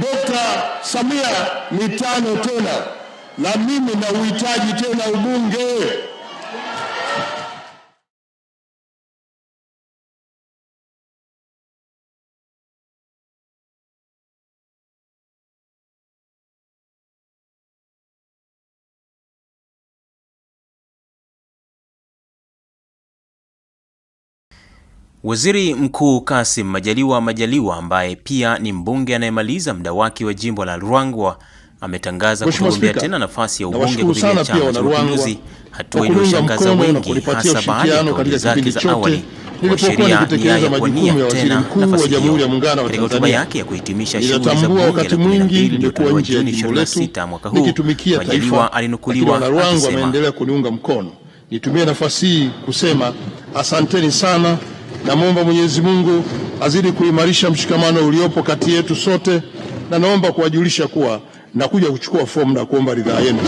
Dr. Samia mitano tena, na mimi na uhitaji tena ubunge. Waziri Mkuu Kassim Majaliwa Majaliwa ambaye pia ni mbunge anayemaliza muda wake wa jimbo la Ruangwa ametangaza kugombea tena nafasi ya ubunge kupitia Chama cha Mapinduzi, hatua iliyoshangaza wengi hasa baada ya kauli zake za awali kuashiria nia ya kuwania tena nafasi hiyo. Katika hotuba yake ya kuhitimisha shughuli za bunge la kumi na mbili iliyotolewa Juni 26 mwaka huu, Majaliwa alinukuliwa akisema, nitumie nafasi hii kusema asanteni sana Namwomba Mwenyezi Mungu azidi kuimarisha mshikamano uliopo kati yetu sote, na naomba kuwajulisha kuwa nakuja kuchukua fomu na kuomba ridhaa yenu.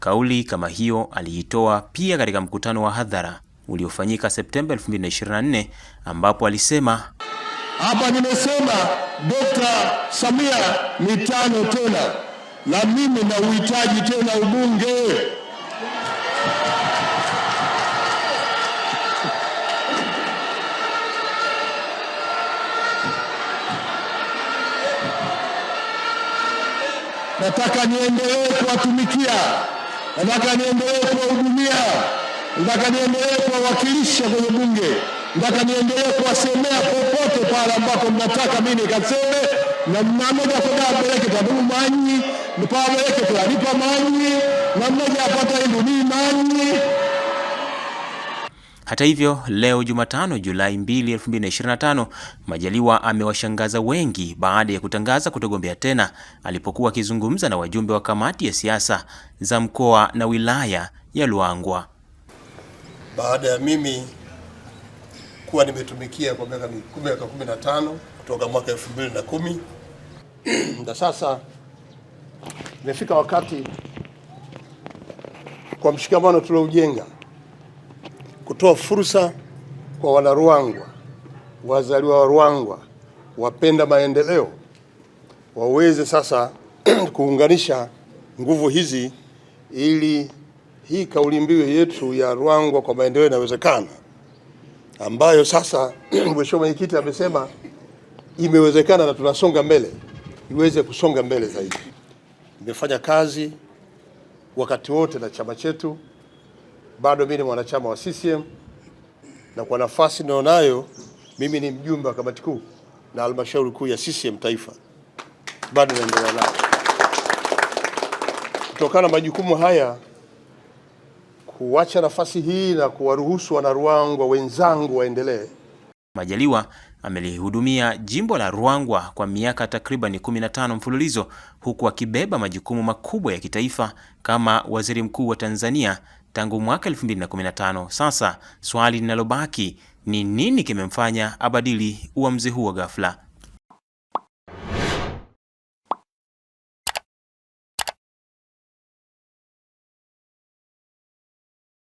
Kauli kama hiyo aliitoa pia katika mkutano wa hadhara uliofanyika Septemba 2024 ambapo alisema, hapa nimesema Dr. Samia ni tano tena, na mimi na uhitaji tena ubunge Nataka niendelee kuwatumikia, nataka niendelee kuwahudumia, nataka niendelee kuwawakilisha kwenye Bunge, nataka niendelee kuwasemea popote pale ambapo mnataka mimi nikaseme, na mnamoja kodabeleketa ndugu manyi nipawabeleketa nipa manyi na mmoja apata indu ni manyi hata hivyo, leo Jumatano Julai 2, 2025, Majaliwa amewashangaza wengi baada ya kutangaza kutogombea tena alipokuwa akizungumza na wajumbe wa kamati ya siasa za mkoa na wilaya ya luangwa Baada ya mimi kuwa nimetumikia kwa miaka 15 kutoka mwaka 2010 na sasa imefika wakati kwa mshikamano tuloujenga kutoa fursa kwa Wanaruangwa, wazaliwa wa Ruangwa, wapenda maendeleo waweze sasa kuunganisha nguvu hizi ili hii kauli mbiu yetu ya Ruangwa kwa maendeleo inawezekana, ambayo sasa Mheshimiwa Mwenyekiti amesema imewezekana na tunasonga mbele, iweze kusonga mbele zaidi. Imefanya kazi wakati wote na chama chetu bado mimi ni mwanachama wa CCM na kwa nafasi ninayonayo mimi ni mjumbe wa kamati kuu na halmashauri kuu ya CCM taifa, bado naendelea nayo. Kutokana na majukumu haya, kuacha nafasi hii na kuwaruhusu wanaruangwa wenzangu waendelee. Majaliwa amelihudumia jimbo la Ruangwa kwa miaka takriban 15 mfululizo huku akibeba majukumu makubwa ya kitaifa kama waziri mkuu wa Tanzania tangu mwaka 2015. Sasa swali linalobaki ni nini kimemfanya abadili uamuzi huo ghafla?